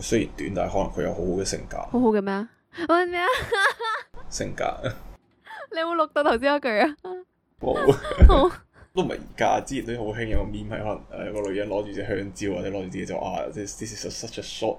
雖然短，但係可能佢有好好嘅性格。好好嘅咩啊？ 性格？你有冇錄到頭先嗰句啊？冇，都唔係而家，之前都好興有個 memes，可能有個女人攞住隻香蕉或者攞住啲嘢就啊，即係 this is a, such a short。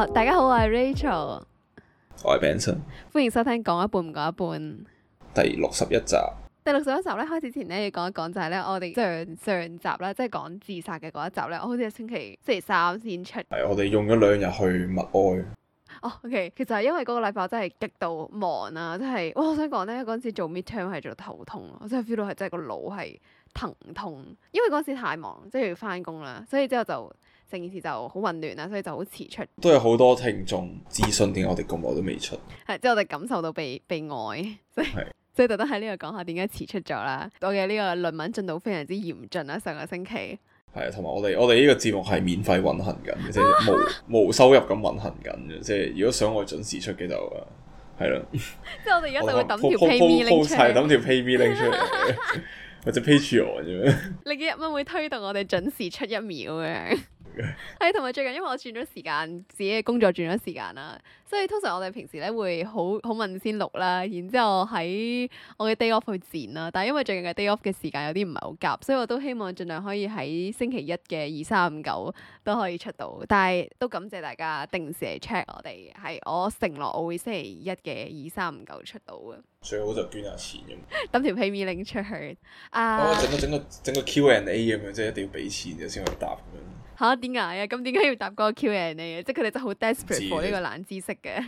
啊、大家好，我係 Rachel，我係 Benson，歡迎收聽講一半唔講一半第六十一集。第六十一集咧，開始前咧要講一講就係咧，我哋上上集啦，即係講自殺嘅嗰一集咧，我好似星期四三先出。係我哋用咗兩日去默哀。哦，OK，其實係因為嗰個禮拜真係極度忙啊，真係，哇！我想講咧，嗰陣時做 midterm 係做頭痛咯，我真係 feel 到係真係個腦係疼痛，因為嗰陣時太忙，即係要翻工啦，所以之後就。成件事就好混亂啦，所以就好遲出。都有好多聽眾諮詢點解我哋咁耐都未出？係，之後我哋感受到被被愛，即係即係，特登喺呢度講下點解遲出咗啦。我嘅呢個論文進度非常之嚴峻啦，上個星期。係啊，同埋我哋我哋呢個節目係免費運行緊，啊、即係無無收入咁運行緊嘅。即係如果想我準時出嘅就係啦。 即係我哋而家就會抌條 PayMe link 出嚟，抌條 PayMe link 出嚟，或者 p a Patreon 啫。你嘅一蚊會推動我哋準時出一秒咩？係同埋最近，因為我轉咗時間，自己嘅工作轉咗時間啦，所以通常我哋平時咧會好好問先錄啦，然之後喺我嘅 day off 去剪啦。但係因為最近嘅 day off 嘅時間有啲唔係好夾，所以我都希望盡量可以喺星期一嘅二三五九都可以出到。但係都感謝大家定時嚟 check 我哋，係我承諾我會星期一嘅二三五九出到嘅。最好就捐下錢咁，等 條皮面拎出去。啊，整個整個整個 Q and A 咁樣，即係一定要俾錢嘅先去答咁樣。嚇點解啊？咁點解要答嗰個 Q&A 嘅？即係佢哋真係好 desperate for 呢個冷知識嘅，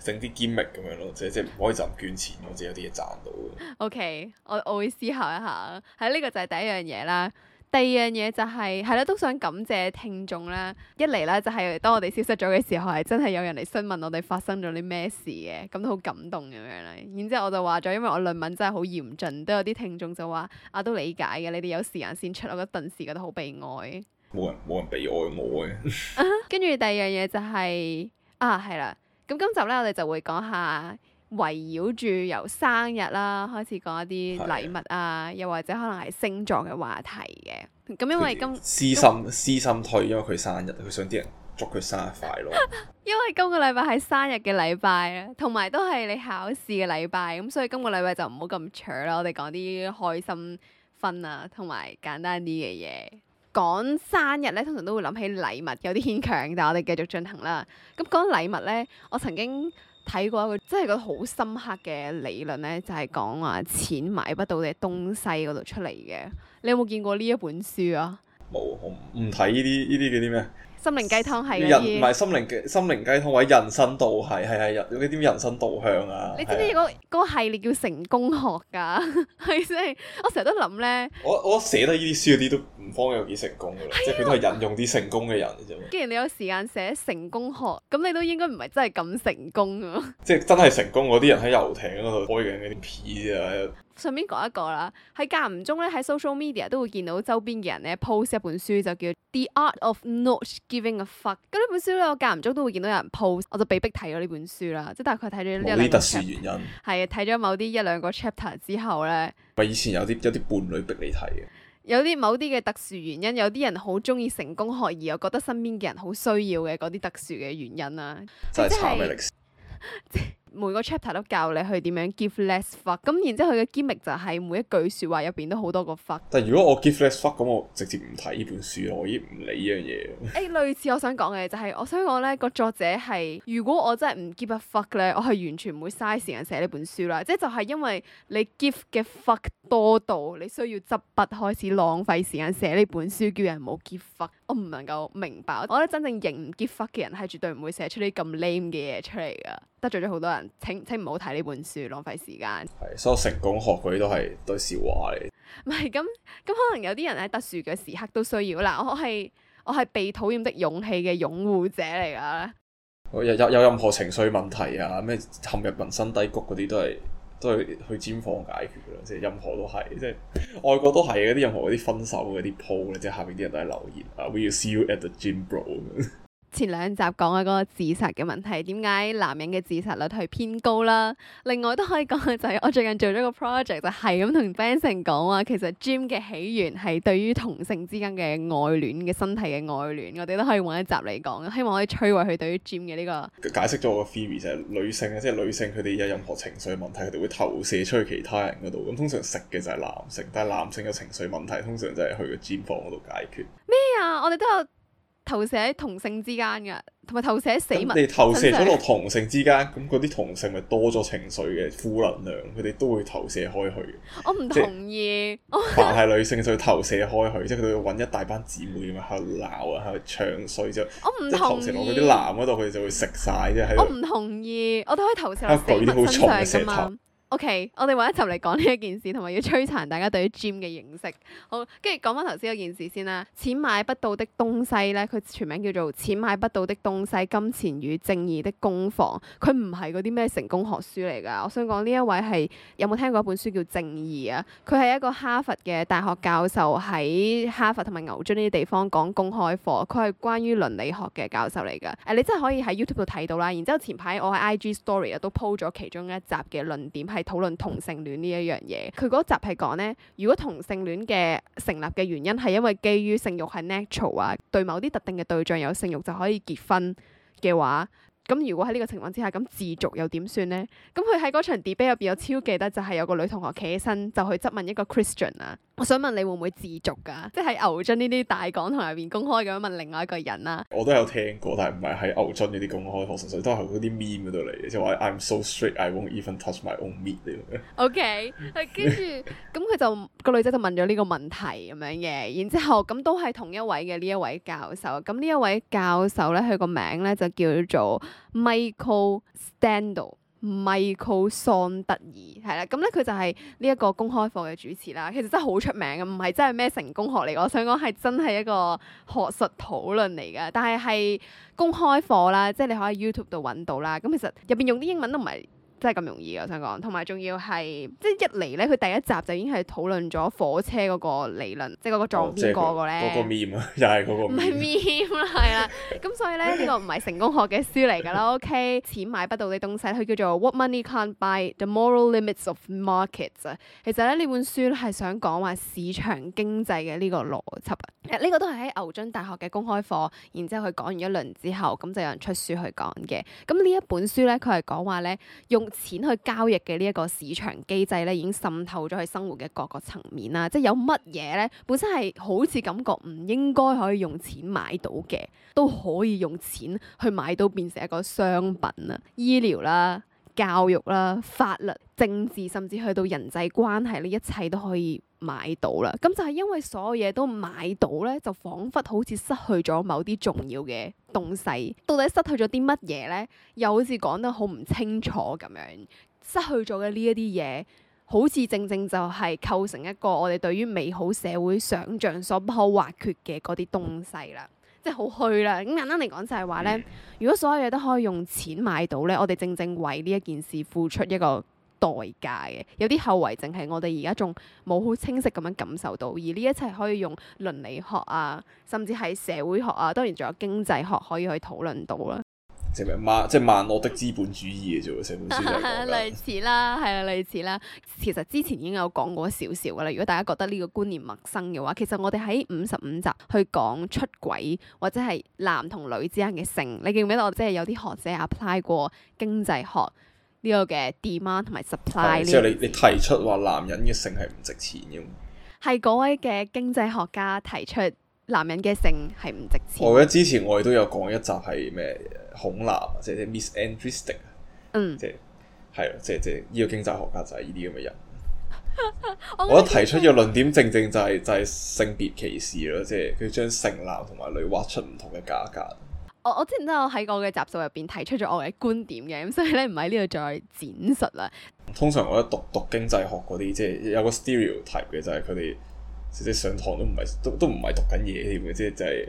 整啲 gimmick 咁樣咯，即係即係唔可以賺捐錢，或者有啲嘢賺到 O.K. 我我會思考一下，喺、啊、呢、這個就係第一樣嘢啦。第二樣嘢就係係啦，都想感謝聽眾啦。一嚟咧就係、是、當我哋消失咗嘅時候，係真係有人嚟詢問我哋發生咗啲咩事嘅，咁都好感動咁樣啦。然之後我就話咗，因為我論文真係好嚴峻，都有啲聽眾就話啊，都理解嘅。你哋有時間先出，我覺得頓時覺得好悲哀。冇人冇人俾愛我嘅。跟住、uh huh. 第二樣嘢就係、是、啊係啦，咁今集呢我哋就會講下圍繞住由生日啦開始講一啲禮物啊，對又或者可能係星座嘅話題嘅。咁因為今私心今私心推，因為佢生日，佢想啲人祝佢生日快樂。 因為今個禮拜係生日嘅禮拜啊，同埋都係你考試嘅禮拜，咁所以今個禮拜就唔好咁扯啦。我哋講啲開心分啊，同埋簡單啲嘅嘢。講生日咧，通常都會諗起禮物，有啲牽強，但係我哋繼續進行啦。咁講禮物咧，我曾經睇過一個真係覺得好深刻嘅理論咧，就係講話錢買不到嘅東西嗰度出嚟嘅。你有冇見過呢一本書啊？冇，我唔睇呢啲。呢啲叫啲咩？心靈雞湯係，唔係心靈心靈雞湯或者人生道係，係係有嗰啲人生導向啊？你知唔知嗰嗰系列叫成功學噶？係即係我成日都諗咧，我我寫得呢啲書嗰啲都唔方有幾成功噶啦，啊、即係佢都係引用啲成功嘅人啫。既然你有時間寫成功學，咁你都應該唔係真係咁成功噶咯？ 即係真係成功嗰啲人喺遊艇嗰度開緊啲 P 啊！順便講一個啦，喺間唔中咧喺 social media 都會見到周邊嘅人咧 post 一本書就叫 The Art of Not Giving a Fuck。咁呢本書咧我間唔中都會見到有人 post，我就被逼睇咗呢本書啦。即係大概睇咗有啲特殊原因，係啊，睇咗某啲一兩個 chapter 之後咧。唔係以前有啲有啲伴侶逼你睇嘅，有啲某啲嘅特殊原因，有啲人好中意成功學而我覺得身邊嘅人好需要嘅嗰啲特殊嘅原因啊。再查 每個 chapter 都教你去點樣 give less fuck，咁然之後佢嘅 gimmick 就係每一句說話入邊都好多個 fuck。但係如果我 give less fuck，咁我直接唔睇呢本書，我已經唔理呢樣嘢。誒，類似我想講嘅就係、是，我想講咧、那個作者係，如果我真係唔 give a fuck 咧，我係完全唔會嘥時間寫呢本書啦。即就係、是、因為你 give 嘅 fuck 多到，你需要執筆開始浪費時間寫呢本書，叫人冇 give fuck。我唔能夠明白，我覺得真正認唔 give fuck 嘅人係絕對唔會寫出啲咁 lame 嘅嘢出嚟噶。得罪咗好多人，請請唔好睇呢本書，浪費時間。係，所以成功學嗰啲都係都係笑話嚟。唔係，咁咁可能有啲人喺特殊嘅時刻都需要。啦，我係我係被討厭的勇氣嘅擁護者嚟噶。有有有任何情緒問題啊？咩陷入人生低谷嗰啲都係都,都去去健身房解決噶，即係任何都係，即係外國都係嘅啲任何嗰啲分手嗰啲鋪咧，po, 即係下面啲人都係留言。啊。Will you see you at the gym, bro。前兩集講嘅嗰個自殺嘅問題，點解男人嘅自殺率係偏高啦？另外都可以講嘅就係，我最近做咗個 project，就係咁同 Benson 講話，其實 gym 嘅起源係對於同性之間嘅愛戀嘅身體嘅愛戀，我哋都可以揾一集嚟講。希望可以摧毀佢對於 gym 嘅呢個解釋。咗我嘅 theory 就係女性咧，即係女性佢哋有任何情緒問題，佢哋會投射出去其他人嗰度。咁通常食嘅就係男性，但係男性嘅情緒問題通常就係去個 gym 房嗰度解決。咩啊？我哋都有。投射喺同性之間嘅，同埋投射喺死物。咁你投射咗落同性之間，咁嗰啲同性咪多咗情緒嘅負能量，佢哋都會投射開去。我唔同意。即我凡係女性就投射開去， 即係佢哋要搵一大班姊妹咁樣喺度鬧啊，喺度唱衰，所以就我唔同意。投射落嗰啲男嗰度，佢哋就會食晒。即係我唔同意，我都可以投射喺啲好重嘅噶嘛。 O.K. 我哋揾一集嚟講呢一件事，同埋要摧殘大家對於 Gym 嘅認識。好，跟住講翻頭先嗰件事先啦。錢買不到的東西咧，佢全名叫做《錢買不到的東西：金錢與正義的攻防》。佢唔係嗰啲咩成功學書嚟㗎。我想講呢一位係有冇聽過一本書叫《正義》啊？佢係一個哈佛嘅大學教授喺哈佛同埋牛津呢啲地方講公開課，佢係關於倫理學嘅教授嚟㗎。誒、哎，你真係可以喺 YouTube 度睇到啦。然之後前排我喺 IG Story 啊都鋪咗其中一集嘅論點係討論同性戀呢一樣嘢，佢嗰集係講咧，如果同性戀嘅成立嘅原因係因為基於性欲係 natural 啊，對某啲特定嘅對象有性欲就可以結婚嘅話。咁如果喺呢個情況之下，咁自瀆又點算呢？咁佢喺嗰場 debate 入邊，我超記得就係有個女同學企起身就去質問一個 Christian 啊，我想問你會唔會自瀆㗎、啊？即係喺牛津呢啲大講堂入邊公開咁樣問另外一個人啦、啊。我都有聽過，但係唔係喺牛津呢啲公開，我純粹都係嗰啲 meme 度嚟嘅，即係話 I'm so straight I won't even touch my own meat 嚟嘅。OK，跟住咁佢就個女仔就問咗呢個問題咁樣嘅，然之後咁都係同一位嘅呢一位教授。咁呢一位教授咧，佢個名咧就叫做。Michael Sandel、Michael Sandel，桑德爾，係啦，咁咧佢就係呢一個公開課嘅主持啦。其實真係好出名㗎，唔係真係咩成功學嚟，我想講係真係一個學術討論嚟㗎。但係係公開課啦，即係你可以喺 YouTube 度揾到啦。咁其實入邊用啲英文都唔係。真係咁容易我想講，同埋仲要係即係一嚟咧，佢第一集就已經係討論咗火車嗰個理論，即係嗰個左邊嗰個咧，嗰、哦就係嗰個 M 啊，又係嗰唔係 M 啦，係啦，咁 所以咧呢 個唔係成功學嘅書嚟㗎啦，OK，錢買不到嘅東西，佢叫做 What Money Can't Buy：The Moral Limits of Markets。其實咧呢本書咧係想講話市場經濟嘅呢個邏輯啊，呢個都係喺牛津大學嘅公開課，然之後佢講完一輪之後，咁就有人出書去講嘅。咁呢一本書咧，佢係講話咧用。錢去交易嘅呢一個市場機制咧，已經滲透咗喺生活嘅各個層面啦。即係有乜嘢咧，本身係好似感覺唔應該可以用錢買到嘅，都可以用錢去買到，變成一個商品啦。醫療啦、教育啦、法律、政治，甚至去到人際關係咧，一切都可以。買到啦，咁就係因為所有嘢都買到咧，就仿佛好似失去咗某啲重要嘅東西。到底失去咗啲乜嘢咧？又好似講得好唔清楚咁樣。失去咗嘅呢一啲嘢，好似正正就係構成一個我哋對於美好社會想像所不可或缺嘅嗰啲東西啦，即係好虛啦。咁簡單嚟講就係話咧，嗯、如果所有嘢都可以用錢買到咧，我哋正正為呢一件事付出一個代價嘅，有啲後遺症係我哋而家仲冇好清晰咁樣感受到，而呢一切可以用倫理學啊，甚至係社會學啊，當然仲有經濟學可以去討論到啦。成本馬即係萬惡的資本主義嘅啫喎，成 本 類似啦，係啊，類似啦。其實之前已經有講過少少噶啦。如果大家覺得呢個觀念陌生嘅話，其實我哋喺五十五集去講出軌或者係男同女之間嘅性，你記唔記得我即係有啲學者 apply 過經濟學？呢個嘅 demand 同埋 supply，之後你你提出話男人嘅性係唔值錢嘅，係嗰位嘅經濟學家提出男人嘅性係唔值錢。我覺得之前我哋都有講一集係咩恐男，即係 misandrist，嗯，即係係咯，即係即係呢個經濟學家就係呢啲咁嘅人。 我覺得提出嘅論點正正就係、是、就係、是、性別歧視咯，即係佢將性男同埋女劃出唔同嘅價格。我我之前都有喺我嘅集數入邊提出咗我嘅觀點嘅，咁所以咧唔喺呢度再展述啦。通常我覺得讀讀經濟學嗰啲，即係有個 stereotype 嘅就係佢哋即上堂都唔係都都唔係讀緊嘢嘅，即係就係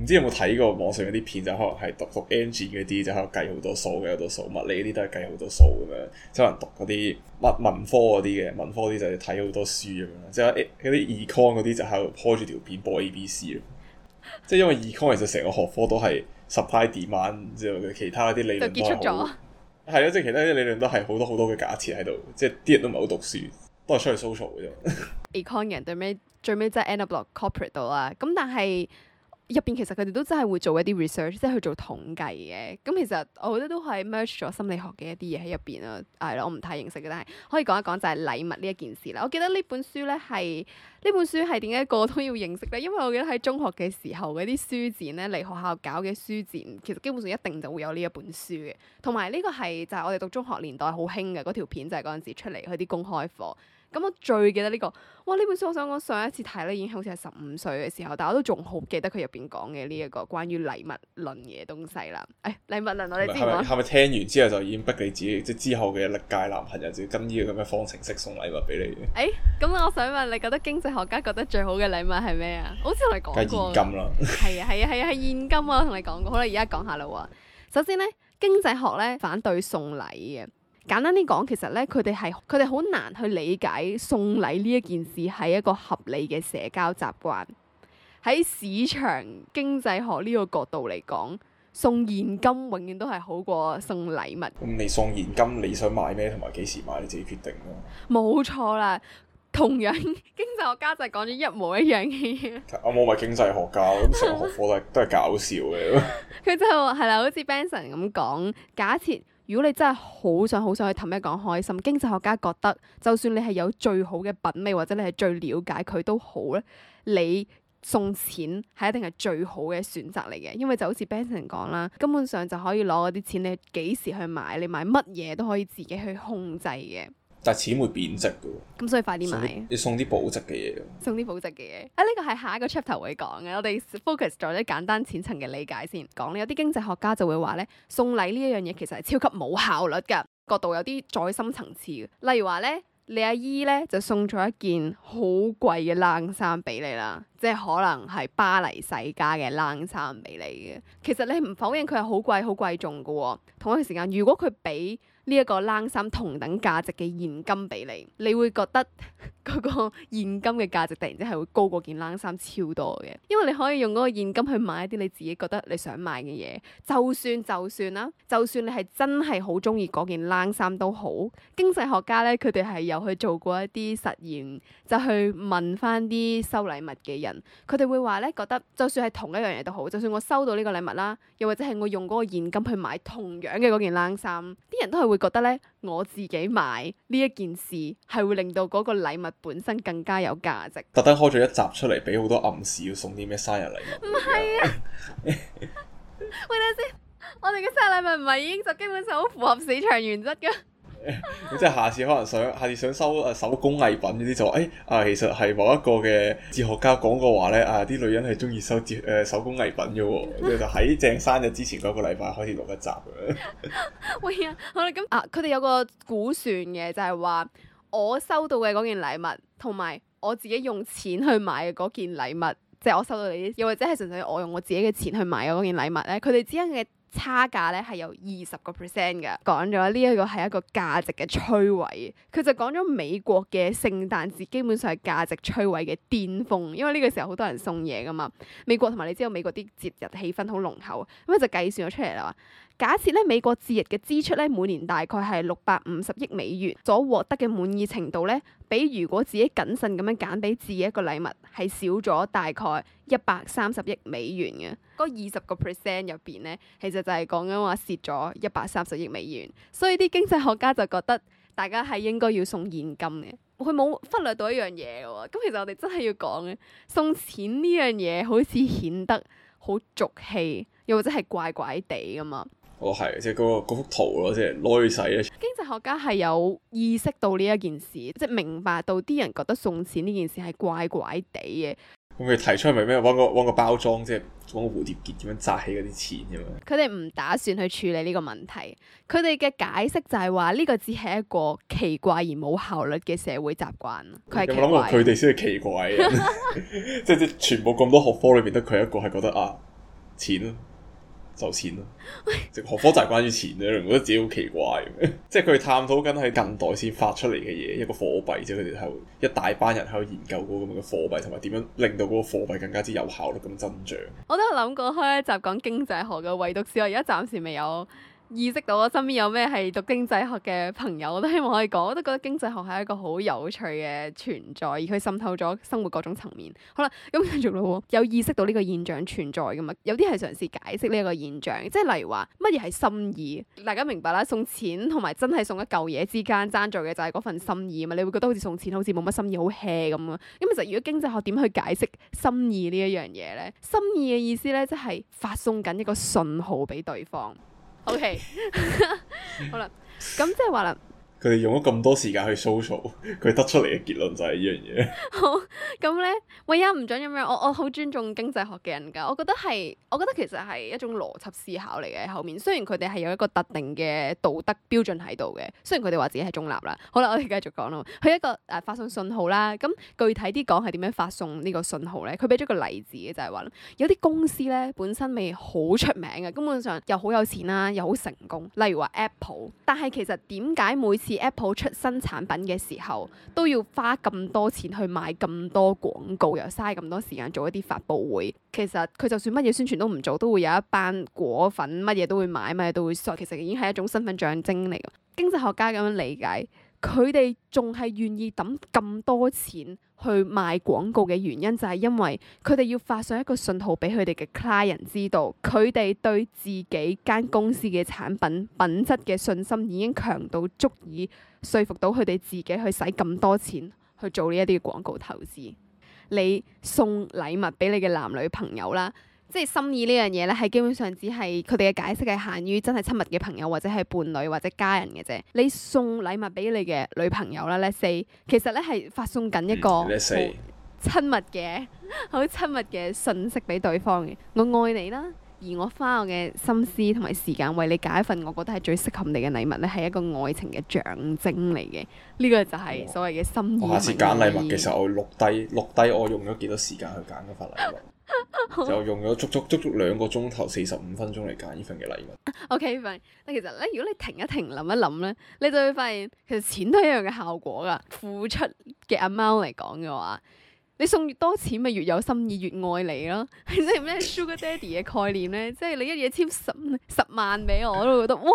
唔知有冇睇過網上有啲片，就可能係讀讀 engine 嗰啲就喺度計好多數嘅，有好多數，物理嗰啲都係計好多數咁樣。即係可能讀嗰啲文科嗰啲嘅，文科啲就係睇好多書咁樣。即係嗰啲 econ 嗰啲就喺度拖住條片播 ABC 咯。即係因為 econ 其實成個學科都係。supply demand 之後嘅其他啲理論都結束咗，係啊，即係其他啲理論都係好多好多嘅假設喺度，即係啲人都唔係好讀書，都係出去 search 嘅啫。 Econ 人最尾最尾真係 end up 落 corporate 度啦，咁但係。入邊其實佢哋都真係會做一啲 research，即係去做統計嘅。咁其實我覺得都係 merge 咗心理學嘅一啲嘢喺入邊啦。係啦，我唔太認識嘅，但係可以講一講就係禮物呢一件事啦。我記得呢本書咧係呢本書係點解個個都要認識咧？因為我記得喺中學嘅時候嗰啲書展咧，嚟學校搞嘅書展，其實基本上一定就會有呢一本書嘅。同埋呢個係就係我哋讀中學年代好興嘅嗰條片，就係嗰陣時出嚟去啲公開課。咁、嗯、我最記得呢、這個，哇呢本書我想講上一次睇咧已經好似係十五歲嘅時候，但係我都仲好記得佢入邊講嘅呢一個關於禮物論嘅東西啦。誒、哎，禮物論我哋知係咪係咪聽完之後就已經逼你自己？即、就是、之後嘅歷屆男朋友要跟呢個咁嘅方程式送禮物俾你？誒、哎，咁我想問，你覺得經濟學家覺得最好嘅禮物係咩 啊？好似同你講過現金啦，係啊係啊係啊係現金啊！我同你講過，好啦，而家講下啦。首先咧，經濟學咧反對送禮嘅。簡單啲講，其實咧，佢哋係佢哋好難去理解送禮呢一件事係一個合理嘅社交習慣。喺市場經濟學呢個角度嚟講，送現金永遠都係好過送禮物。咁、嗯、你送現金，你想買咩？同埋幾時買，你自己決定。冇錯啦，同樣經濟學家就係講咗一模一樣嘅嘢、嗯。我冇咪經濟學家，咁成個學科都係 搞笑嘅。佢 就係啦，好似 Benson 咁講，假設。如果你真係好想好想去氹一個人開心，經濟學家覺得，就算你係有最好嘅品味或者你係最了解佢都好咧，你送錢係一定係最好嘅選擇嚟嘅，因為就好似 Benson 講啦，根本上就可以攞嗰啲錢，你幾時去買，你買乜嘢都可以自己去控制嘅。但錢會貶值嘅，咁所以快啲買、啊。要送啲保值嘅嘢。送啲保值嘅嘢。啊，呢、這個係下一個 chapter 會講嘅。我哋 focus 咗啲簡單淺層嘅理解先。講有啲經濟學家就會話咧，送禮呢一樣嘢其實係超級冇效率嘅角度，有啲再深層次嘅。例如話咧，你阿姨咧就送咗一件好貴嘅冷衫俾你啦，即係可能係巴黎世家嘅冷衫俾你嘅。其實你唔否認佢係好貴好貴重嘅喎、哦。同一個時間，如果佢俾呢一個冷衫同等價值嘅現金俾你，你會覺得？ 嗰個現金嘅價值突然之間係會高過件冷衫超多嘅，因為你可以用嗰個現金去買一啲你自己覺得你想買嘅嘢。就算就算啦，就算你係真係好中意嗰件冷衫都好，經濟學家咧佢哋係有去做過一啲實驗，就去問翻啲收禮物嘅人，佢哋會話咧覺得，就算係同一樣嘢都好，就算我收到呢個禮物啦，又或者係我用嗰個現金去買同樣嘅嗰件冷衫，啲人都係會覺得咧。我自己買呢一件事係會令到嗰個禮物本身更加有價值。特登開咗一集出嚟，畀好多暗示要送啲咩生日禮物？唔係啊， 喂，等下先，我哋嘅生日禮物唔係已經就基本上好符合市場原則㗎。 即係下次可能想，下次想收誒手工藝品嗰啲就誒、哎、啊，其實係某一個嘅哲學家講過話咧啊，啲女人係中意收自誒手工藝品嘅喎、哦， 就喺正生日之前嗰個禮拜開始錄一集咁樣。喂啊，好啦咁啊，佢哋有個估算嘅就係、是、話我收到嘅嗰件禮物同埋我自己用錢去買嘅嗰件禮物，即、就、係、是、我收到你啲，又或者係純粹我用我自己嘅錢去買嘅嗰件禮物咧，佢哋之間嘅。差價咧係有二十個 percent 嘅，講咗呢一個係一個價值嘅摧毀。佢就講咗美國嘅聖誕節基本上係價值摧毀嘅巔峰，因為呢個時候好多人送嘢噶嘛。美國同埋你知道美國啲節日氣氛好濃厚，咁佢就計算咗出嚟啦。假設咧，美國節日嘅支出咧，每年大概係六百五十億美元，所獲得嘅滿意程度咧，比如果自己謹慎咁樣揀俾自己一個禮物，係少咗大概一百三十億美元嘅。嗰二十個 percent 入邊咧，其實就係講緊話蝕咗一百三十億美元。所以啲經濟學家就覺得大家係應該要送現金嘅。佢冇忽略到一樣嘢嘅喎。咁其實我哋真係要講嘅送錢呢樣嘢，好似顯得好俗氣，又或者係怪怪地噶嘛。我係、哦、即係嗰、嗰個、幅圖咯，即係攞去使咧。經濟學家係有意識到呢一件事，即係明白到啲人覺得送錢呢件事係怪怪地嘅。咁佢提出係咪咩？揾個揾個包裝，即係揾個蝴蝶結咁樣紮起嗰啲錢咁樣。佢哋唔打算去處理呢個問題。佢哋嘅解釋就係話呢個只係一個奇怪而冇效率嘅社會習慣。佢係佢哋先係奇怪嘅， 即係全部咁多學科裏面得佢一個係覺得啊錢。就錢咯，即係學科就係關於錢嘅，你唔覺得自己好奇怪？ 即係佢探索緊喺近代先發出嚟嘅嘢，一個貨幣啫，即係佢哋係一大班人喺度研究嗰個咁嘅貨幣，同埋點樣令到嗰個貨幣更加之有效率咁增長。我都有諗過開一集講經濟學嘅，唯獨是我而家暫時未有。意識到我身邊有咩係讀經濟學嘅朋友，我都希望可以講，我都覺得經濟學係一個好有趣嘅存在，而佢滲透咗生活各種層面。好啦，咁繼續啦喎，有意識到呢個現象存在噶嘛？有啲係嘗試解釋呢一個現象，即係例如話乜嘢係心意？大家明白啦，送錢同埋真係送一嚿嘢之間爭在嘅就係嗰份心意啊嘛！你會覺得好似送錢好似冇乜心意，好 hea 咁啊！咁其實如果經濟學點去解釋心意呢一樣嘢咧？心意嘅意思咧，即係發送緊一個信號俾對方。OK，好啦，咁即係話啦。佢哋用咗咁多時間去 search 佢得出嚟嘅結論就係依樣嘢。好，咁咧，偉人唔准咁樣。我我好尊重經濟學嘅人噶，我覺得係，我覺得其實係一種邏輯思考嚟嘅。後面雖然佢哋係有一個特定嘅道德標準喺度嘅，雖然佢哋話自己係中立啦。好啦，我哋繼續講咯。佢一個誒、呃、發送信號啦。咁具體啲講係點樣發送呢個信號咧？佢俾咗個例子嘅，就係話有啲公司咧本身咪好出名嘅，根本上又好有錢啦、啊，又好成功。例如話 Apple，但係其實點解每次？似 Apple 出新產品嘅時候，都要花咁多錢去買咁多廣告，又嘥咁多時間做一啲發佈會。其實佢就算乜嘢宣傳都唔做，都會有一班果粉乜嘢都會買，乜嘢都會索。其實已經係一種身份象徵嚟嘅。經濟學家咁樣理解。佢哋仲係願意抌咁多錢去賣廣告嘅原因，就係因為佢哋要發上一個信號俾佢哋嘅 client 知道，佢哋對自己間公司嘅產品品質嘅信心已經強到足以說服到佢哋自己去使咁多錢去做呢一啲廣告投資。你送禮物俾你嘅男女朋友啦。即係心意呢樣嘢呢係基本上只係佢哋嘅解釋係限於真係親密嘅朋友或者係伴侶或者家人嘅啫。你送禮物俾你嘅女朋友啦，呢四其實呢係發送緊一個親密嘅好親密嘅信息俾對方嘅。我愛你啦，而我花我嘅心思同埋時間為你揀一份我覺得係最適合你嘅禮物呢係一個愛情嘅象徵嚟嘅。呢、這個就係所謂嘅心意、哦。我下次揀禮物嘅時候，其實我錄低錄低我用咗幾多時間去揀嗰份禮物。 好就用咗足足足足兩個鐘頭四十五分鐘嚟揀呢份嘅禮物。OK，但其實咧，如果你停一停諗一諗咧，你就會發現其實錢都一樣嘅效果噶。付出嘅 amount 嚟講嘅話，你送越多錢咪越有心意越愛你咯。即係咩 Sugar Daddy 嘅概念咧？ 即係你一嘢簽十十萬俾我，我都覺得哇，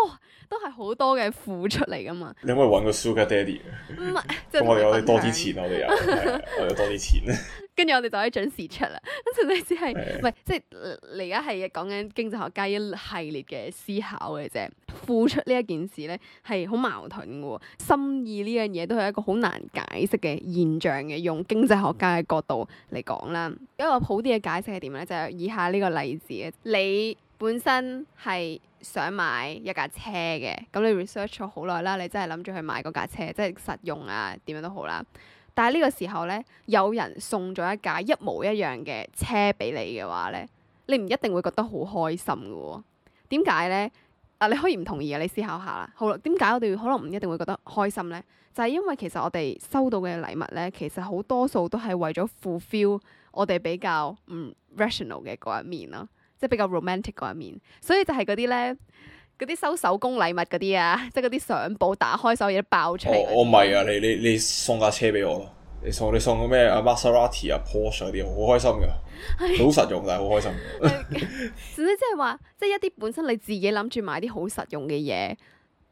都係好多嘅付出嚟噶嘛。你可唔可以揾個 Sugar Daddy？唔係，咁、就是、 我哋我哋多啲錢， 我哋又我要多啲錢。 跟住我哋就可以準時出啦。咁純粹只係，唔係即係嚟而家係講緊經濟學家一系列嘅思考嘅啫。付出呢一件事咧係好矛盾嘅喎，心意呢樣嘢都係一個好難解釋嘅現象嘅。用經濟學家嘅角度嚟講啦，一個好啲嘅解釋係點咧？就係以下呢個例子，你本身係想買一架車嘅，咁你 research 咗好耐啦，你真係諗住去買嗰架車，即係實用啊點樣都好啦。但係呢個時候咧，有人送咗一架一模一樣嘅車俾你嘅話咧，你唔一定會覺得好開心㗎喎、哦。點解咧？啊，你可以唔同意啊？你思考下啦。好啦，點解我哋可能唔一定會覺得開心咧？就係、是、因為其實我哋收到嘅禮物咧，其實好多數都係為咗 fulfill 我哋比較唔 rational 嘅嗰一面咯，即係比較 romantic 嗰一面，所以就係嗰啲咧。嗰啲收手工禮物嗰啲啊，即係嗰啲相簿打開，所有嘢都爆出嚟。我唔係啊，你你你送架車畀我，你送你送個咩阿瑪莎拉蒂啊、保時捷嗰啲，好、er、開心噶，好 實用但係好開心。總之 即係話，即、就、係、是、一啲本身你自己諗住買啲好實用嘅嘢。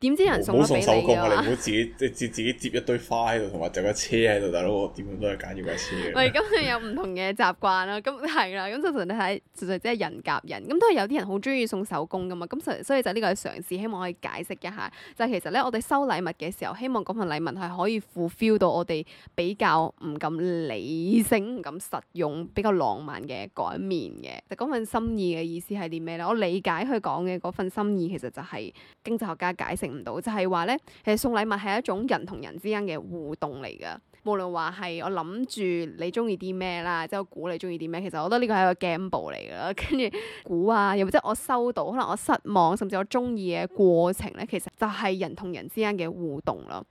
點知人送咗俾你，唔好送手工，我哋唔好自己即係自自己接一堆花喺度，同埋就架車喺度，大佬我點樣都係揀要架車嘅、欸。喂，咁，你有唔同嘅習慣咯、啊，咁係啦，咁就純粹睇，純粹即係人夾人，咁都係有啲人好中意送手工噶嘛，咁所以就呢個嘗試，希望可以解釋一下，就係、其實咧，我哋收禮物嘅時候，希望嗰份禮物係可以 fulfill 到我哋比較唔咁理性、唔咁實用、比較浪漫嘅一面嘅，就嗰份心意嘅意思係啲咩咧？我理解佢講嘅嗰份心意，其實就係經濟學家解釋。唔到就係話咧，其實送禮物係一種人同人之間嘅互動嚟噶。無論話係我諗住你中意啲咩啦，即係我估你中意啲咩，其實我覺得呢個係一個 game 嚟嘅，跟住估啊，又或者我收到，可能我失望，甚至我中意嘅過程咧，其實就係人同人之間嘅互動咯。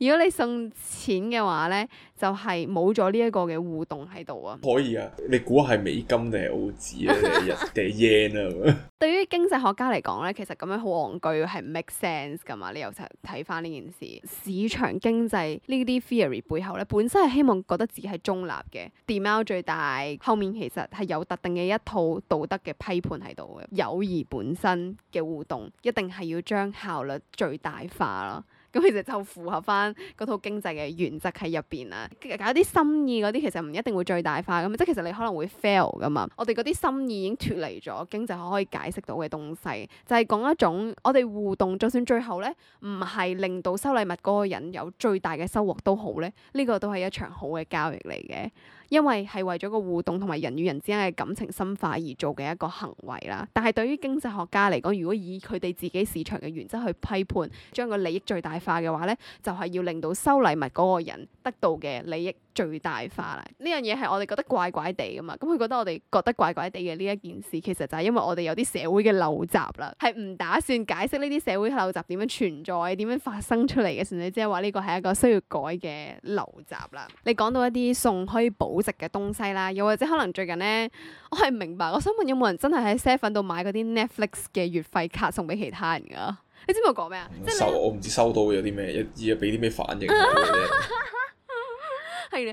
如果你送錢嘅話咧，就係冇咗呢一個嘅互動喺度啊。可以啊，你估係美金定係澳紙啊？定係嘅 yen 啊？ 對於經濟學家嚟講咧，其實咁樣好戇居係唔 make sense 㗎嘛？你又睇翻呢件事，市場經濟呢啲 theory 背後。本身係希望覺得自己係中立嘅。d m o 最大，後面其實係有特定嘅一套道德嘅批判喺度嘅。友誼本身嘅互動，一定係要將效率最大化啦。咁其實就符合翻嗰套經濟嘅原則喺入邊啦。搞啲心意嗰啲其實唔一定會最大化，咁即其實你可能會 fail 噶嘛。我哋嗰啲心意已經脱離咗經濟學可以解釋到嘅東西，就係講一種我哋互動，就算最後咧唔係令到收禮物嗰個人有最大嘅收穫都好咧，呢個都係一場好嘅交易嚟嘅，因為係為咗個互動同埋人與人之間嘅感情深化而做嘅一個行為啦。但係對於經濟學家嚟講，如果以佢哋自己市場嘅原則去批判，將個利益最大化嘅話咧，就係要令到收禮物嗰個人得到嘅利益最大化啦。呢樣嘢係我哋覺得怪怪地噶嘛。咁佢覺得我哋覺得怪怪地嘅呢一件事，其實就係因為我哋有啲社會嘅陋習啦，係唔打算解釋呢啲社會陋習點樣存在、點樣發生出嚟嘅，純粹即係話呢個係一個需要改嘅陋習啦。你講到一啲送可以保值嘅東西啦，又或者可能最近咧，我係明白。我想問，有冇人真係喺 Seven 度買嗰啲 Netflix 嘅月費卡送俾其他人噶？你知唔收知我講咩啊？收我唔知收到有啲咩，而又俾啲咩反應。係啦， 咁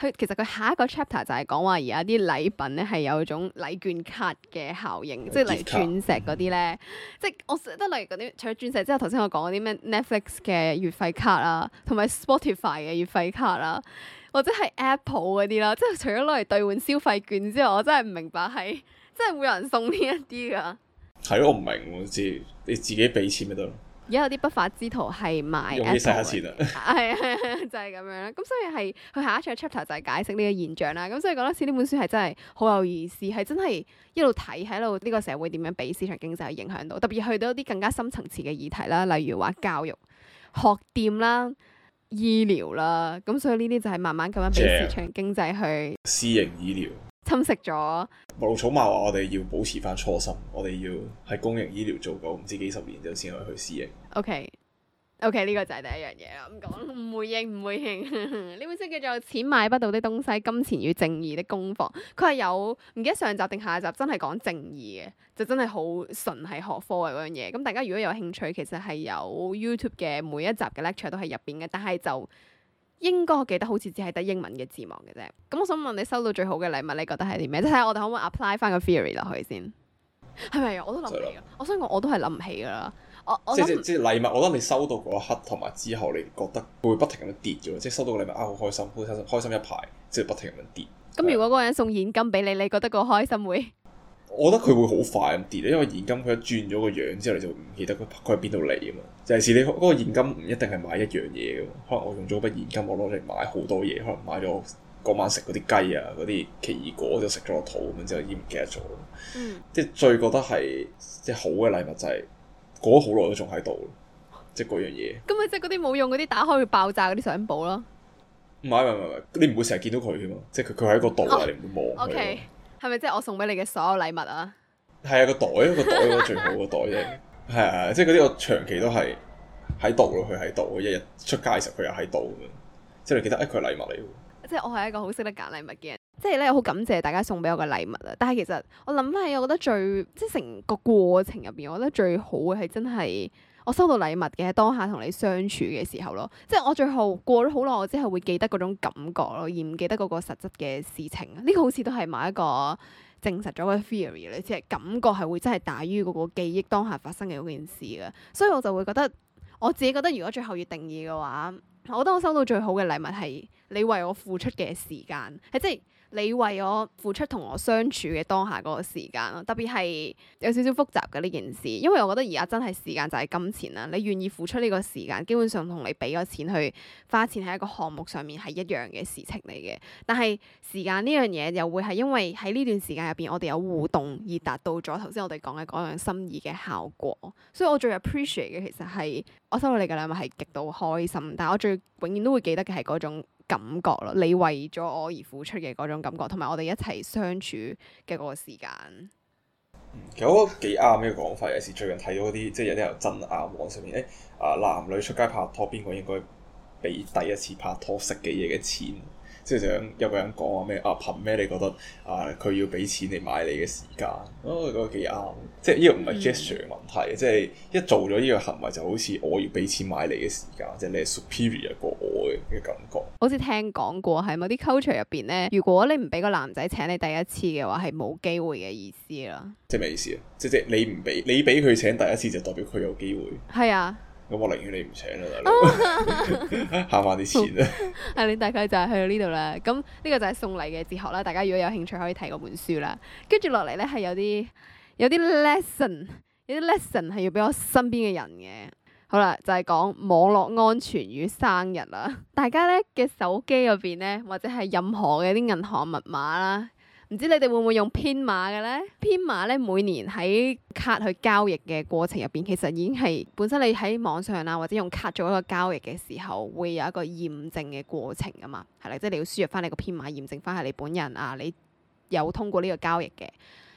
佢佢其實佢下一個 chapter 就係講話而家啲禮品咧係有種禮券卡嘅效應，即係例如鑽石嗰啲咧，卡嗯、即係我得例如嗰啲除咗鑽石之後，頭先我講嗰啲咩 Netflix 嘅月費卡啦，同埋 Spotify 嘅月費卡啦，或者係 Apple 嗰啲啦，即係除咗攞嚟兌換消費券之外，我真係唔明白係即係會有人送呢一啲㗎。係咯，我唔明，自你自己俾錢咪得咯。而家有啲不法之徒係賣用啲啊，係 啊， 就係咁樣啦。咁所以係佢下一次嘅 chapter 就係解釋呢個現象啦。咁所以講多次呢本書係真係好有意思，係真係一路睇喺度呢個社會點樣俾市場經濟去影響到，特別去到啲更加深層次嘅議題啦，例如話教育、學店啦、醫療啦。咁所以呢啲就係慢慢咁樣俾市場經濟去 Yeah. 私營醫療。食咗。茅草茂話：我哋要保持翻初心，我哋要喺公營醫療做夠唔知幾十年之後先可以去私營。O K，O K，呢個就係第一樣嘢啦。唔講，唔回應，唔回應。呢本書叫做《錢買不到的東西：金錢與正義的攻防》。佢係有唔記得上集定下集真係講正義嘅，就真係好純係學科嘅嗰樣嘢。咁大家如果有興趣，其實係有 YouTube 嘅每一集嘅 lecture 都喺入邊嘅，但係就。應該我記得好似只係得英文嘅字幕嘅啫，咁我想問你收到最好嘅禮物，你覺得係啲咩？即係我哋可唔可以 apply 翻個 theory 落去先？係咪啊？我都諗唔起㗎。我想講我都係諗唔起噶啦。我我即即即禮物，我覺得你收到嗰一刻同埋之後，你覺得會不停咁跌咗。即係收到個禮物啊，好開心，好開心，開心一排，即係不停咁跌。咁如果嗰個人送現金俾你，你覺得個開心會？ 我覺得佢會好快咁跌，因為現金佢一轉咗個樣之後，你就唔記得佢佢喺邊度嚟啊嘛。就係事你嗰個現金唔一定係買一樣嘢嘅，可能我用咗筆現金，我攞嚟買好多嘢，可能買咗嗰晚食嗰啲雞啊嗰啲奇異果就食咗落肚，咁之後已經唔記得咗。即係、嗯、最覺得係即係好嘅禮物就係、係、過咗好耐都仲喺度，即係嗰樣嘢。咁咪即係嗰啲冇用嗰啲，打開會爆炸嗰啲相簿咯。唔係唔係唔係，你唔會成日見到佢嘅嘛。即係佢佢喺個度啊，oh, okay. 你唔會望佢。係咪即係我送俾你嘅所有禮物啊？係啊，個袋，個袋最好個袋啫，係啊， 即係嗰啲我長期都係喺度咯，佢喺度，一日出街嘅時候佢又喺度咁樣，即係你記得，哎，佢係禮物嚟。即係我係一個好識得揀禮物嘅人，即係咧，好感謝大家送俾我嘅禮物啊！但係其實我諗返，我覺得最即係成個過程入邊，我覺得最好嘅係真係。我收到禮物嘅當下同你相處嘅時候咯，即係我最後過咗好耐之後會記得嗰種感覺咯，而唔記得嗰個實質嘅事情。呢個好似都係某一個證實咗嘅 theory 咧，類似係感覺係會真係大於嗰個記憶當下發生嘅嗰件事嘅。所以我就會覺得，我自己覺得如果最後要定義嘅話，我覺得我收到最好嘅禮物係你為我付出嘅時間，係即係。你為我付出同我相處嘅當下嗰個時間咯，特別係有少少複雜嘅呢件事，因為我覺得而家真係時間就係金錢啦。你願意付出呢個時間，基本上同你俾咗錢去花錢喺一個項目上面係一樣嘅事情嚟嘅。但係時間呢樣嘢又會係因為喺呢段時間入邊，我哋有互動而達到咗頭先我哋講嘅嗰樣心意嘅效果。所以我最 appreciate 嘅其實係我收到你嘅禮物係極度開心，但係我最永遠都會記得嘅係嗰種感覺咯，你為咗我而付出嘅嗰種感覺，同埋我哋一齊相處嘅嗰個時間。嗯，其實我覺得幾啱呢個講法。有時最近睇到啲，即係有啲人真啱網上面，誒、欸、啊、呃，男女出街拍拖，邊個應該俾第一次拍拖食嘅嘢嘅錢？即係想有個人講話咩啊？憑咩你覺得啊？佢要俾錢你買你嘅時間？哦、嗯，嗯嗯，覺得幾啱。即係呢個唔係 gesture 嘅問題，嗯、即係一做咗呢個行為，就好似我要俾錢買你嘅時間，即、就、係、是、你係 superior 嘅感覺，好似聽講過喺某啲 culture 入邊咧，如果你唔俾個男仔請你第一次嘅話，係冇機會嘅意思啦。即係咩意思啊？即即係你唔俾，你俾佢請第一次就代表佢有機會。係啊，咁我寧願你唔請啦，慳返啲錢啊，係，你大概就係去到呢度啦。咁呢、這個就係送禮嘅哲學啦。大家如果有興趣，可以睇嗰本書啦。跟住落嚟咧係有啲有啲 lesson，有啲 lesson 係要俾我身邊嘅人嘅。好啦，就係、是、講網絡安全與生日啦。 大家咧嘅手機入邊咧，或者係任何嘅啲銀行密碼啦，唔知你哋會唔會用 PIN 碼嘅咧？PIN 碼咧，每年喺卡去交易嘅過程入邊，其實已經係本身你喺網上啊，或者用卡做一個交易嘅時候，會有一個驗證嘅過程㗎嘛。係啦，即、就、係、是、你要輸入翻你個 PIN 碼，驗證翻係你本人啊，你有通過呢個交易嘅。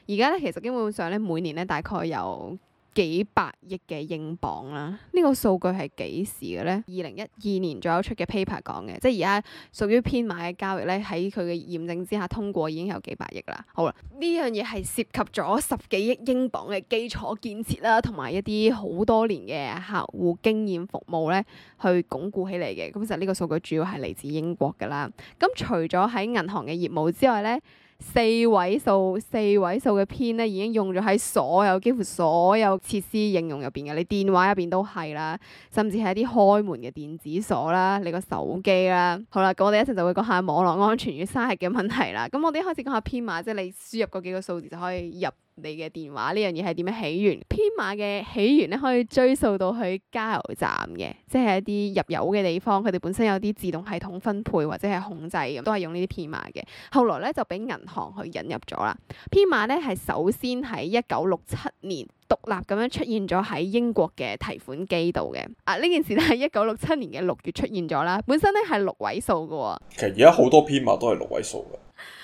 而家咧，其實基本上咧，每年咧大概有。幾百億嘅英鎊啦，呢、這個數據係幾時嘅呢？二零一二年左右出嘅 paper 講嘅，即係而家屬於偏買嘅交易咧，喺佢嘅驗證之下通過已經有幾百億啦。好啦，呢樣嘢係涉及咗十幾億英鎊嘅基礎建設啦，同埋一啲好多年嘅客戶經驗服務咧，去鞏固起嚟嘅。咁就呢個數據主要係嚟自英國㗎啦。咁除咗喺銀行嘅業務之外呢。四位數、四位數嘅編呢已經用咗喺所有、幾乎所有設施應用入邊嘅，你電話入邊都係啦，甚至係一啲開門嘅電子鎖啦，你個手機啦。好啦，咁我哋一陣就會講下網絡安全與生日嘅問題啦。咁我哋一開始講下編碼，即係你輸入嗰幾個數字就可以入。你嘅電話呢樣嘢係點樣起源？編碼嘅起源咧，可以追溯到去加油站嘅，即係一啲入油嘅地方，佢哋本身有啲自動系統分配或者係控制咁，都係用呢啲編碼嘅。後來咧就俾銀行去引入咗啦。編碼咧係首先喺一九六七年獨立咁樣出現咗喺英國嘅提款機度嘅。啊，呢件事咧係一九六七年嘅六月出現咗啦。本身咧係六位數嘅哦。其實而家好多編碼都係六位數嘅。